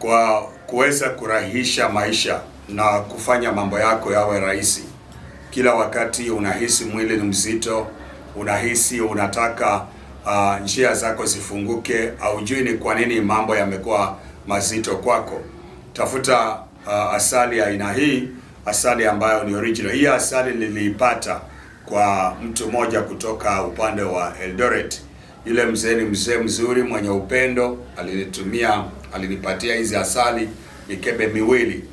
kwa kuweza kurahisha maisha na kufanya mambo yako yawe rahisi. Kila wakati unahisi mwili ni mzito, unahisi unataka uh, njia zako zifunguke, haujui ni kwa nini mambo yamekuwa mazito kwako. Tafuta uh, asali ya aina hii, asali ambayo ni original. Hii asali niliipata kwa mtu mmoja kutoka upande wa Eldoret. Yule mzee ni mzee mzuri mwenye upendo, alinitumia alinipatia hizi asali mikebe miwili,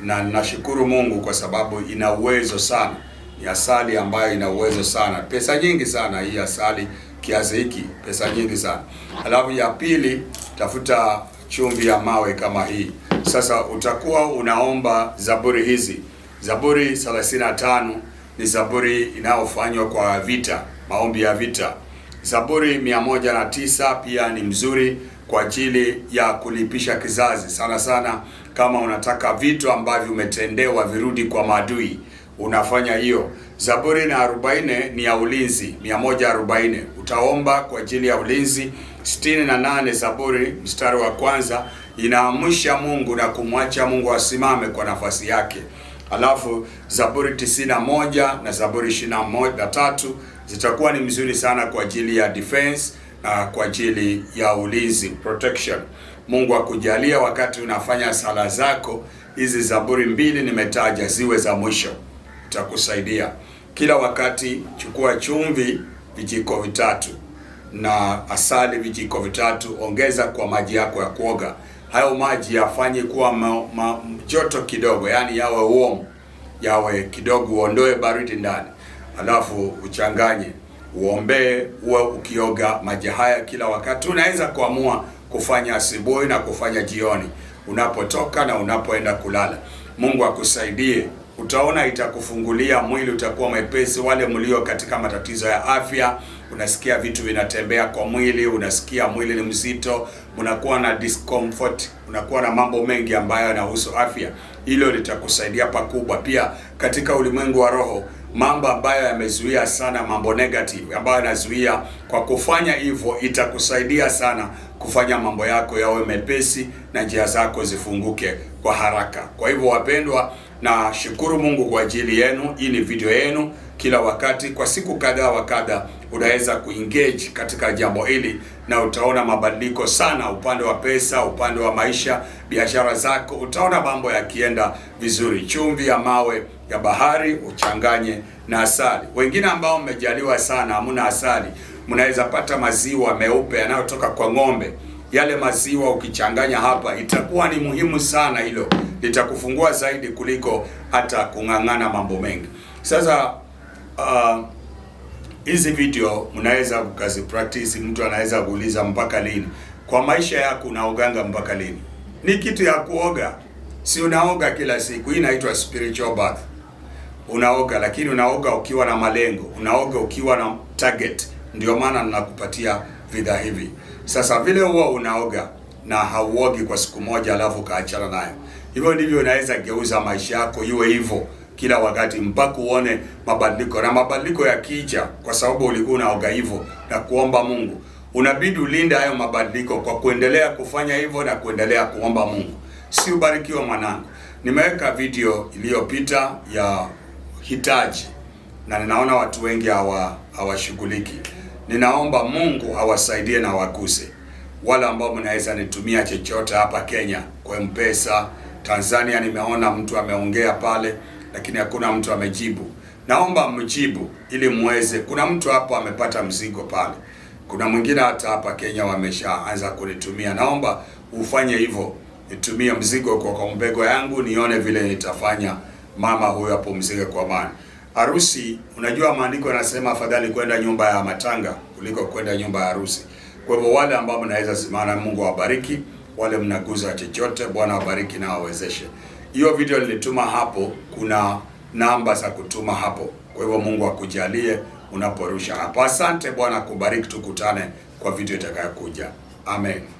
na nashukuru Mungu kwa sababu ina uwezo sana. Ni asali ambayo ina uwezo sana, pesa nyingi sana hii asali, kiasi hiki, pesa nyingi sana. Alafu ya pili, tafuta chumvi ya mawe kama hii. Sasa utakuwa unaomba zaburi hizi. Zaburi 35 ni zaburi inayofanywa kwa vita, maombi ya vita. Zaburi 109 pia ni mzuri kwa ajili ya kulipisha kizazi, sana sana kama unataka vitu ambavyo umetendewa virudi kwa maadui, unafanya hiyo. Zaburi na 40 ni ya ulinzi, 140 utaomba kwa ajili ya ulinzi. 68 Zaburi mstari wa kwanza inaamsha Mungu na kumwacha Mungu asimame kwa nafasi yake. Alafu Zaburi 91 na Zaburi 23 zitakuwa ni mzuri sana kwa ajili ya defense na kwa ajili ya ulinzi protection. Mungu akujalia wa wakati unafanya sala zako hizi, Zaburi mbili nimetaja ziwe za mwisho, itakusaidia kila wakati. Chukua chumvi vijiko vitatu na asali vijiko vitatu, ongeza kwa maji yako ya kuoga. Hayo maji yafanye kuwa ma, ma, joto kidogo, yaani yawe warm, yawe kidogo, uondoe baridi ndani alafu uchanganye, uombee, uwe ukioga maji haya kila wakati. Unaweza kuamua kufanya asubuhi na kufanya jioni, unapotoka na unapoenda kulala. Mungu akusaidie, utaona itakufungulia, mwili utakuwa mwepesi. Wale mlio katika matatizo ya afya, unasikia vitu vinatembea kwa mwili, unasikia mwili ni mzito, unakuwa na discomfort, unakuwa na mambo mengi ambayo yanahusu afya. Hilo litakusaidia pakubwa. Pia katika ulimwengu wa roho mambo ambayo yamezuia sana, mambo negative ambayo yanazuia. Kwa kufanya hivyo, itakusaidia sana kufanya mambo yako yawe mepesi na njia zako zifunguke kwa haraka. Kwa hivyo, wapendwa na shukuru Mungu kwa ajili yenu. Hii ni video yenu kila wakati, kwa siku kadha wa kadha unaweza kuengage katika jambo hili na utaona mabadiliko sana, upande wa pesa, upande wa maisha, biashara zako, utaona mambo yakienda vizuri. Chumvi ya mawe ya bahari uchanganye na asali. Wengine ambao mmejaliwa sana, hamuna asali, mnaweza pata maziwa meupe yanayotoka kwa ng'ombe yale maziwa ukichanganya hapa, itakuwa ni muhimu sana. Hilo litakufungua zaidi kuliko hata kung'ang'ana mambo mengi. Sasa uh, hizi uh, video mnaweza kazi practice. Mtu anaweza kuuliza mpaka lini kwa maisha yako unaoganga mpaka lini? Ni kitu ya kuoga, si unaoga kila siku. Hii inaitwa spiritual bath. Unaoga lakini unaoga ukiwa na malengo, unaoga ukiwa na target. Ndio maana ninakupatia vidhaa hivi. Sasa vile huwa unaoga na hauogi kwa siku moja alafu kaachana nayo, hivyo ndivyo unaweza geuza maisha yako iwe hivyo kila wakati mpaka uone mabadiliko, na mabadiliko ya kija kwa sababu ulikuwa unaoga hivyo na kuomba Mungu, unabidi ulinde hayo mabadiliko kwa kuendelea kufanya hivyo na kuendelea kuomba Mungu. Si ubarikiwa mwanangu, nimeweka video iliyopita ya hitaji na ninaona watu wengi hawa hawashughuliki. Ninaomba Mungu awasaidie na waguse wale ambao mnaweza nitumia chochote hapa Kenya kwa mpesa. Tanzania nimeona mtu ameongea pale, lakini hakuna mtu amejibu. Naomba mjibu ili muweze. Kuna mtu hapo amepata mzigo pale, kuna mwingine hata hapa Kenya wameshaanza kunitumia. Naomba ufanye hivyo, nitumie mzigo kwa kwa mbego yangu, nione vile nitafanya mama huyo apumzike kwa amani harusi, unajua maandiko yanasema afadhali kwenda nyumba ya matanga kuliko kwenda nyumba ya harusi. Kwa hivyo wale ambao mnaweza simama, Mungu awabariki. Wale mnaguza chochote, Bwana awabariki na awawezeshe. Hiyo video nilituma hapo, kuna namba za kutuma hapo. Kwa hivyo Mungu akujalie unaporusha hapo. Asante Bwana kubariki, tukutane kwa video itakayokuja. Amen.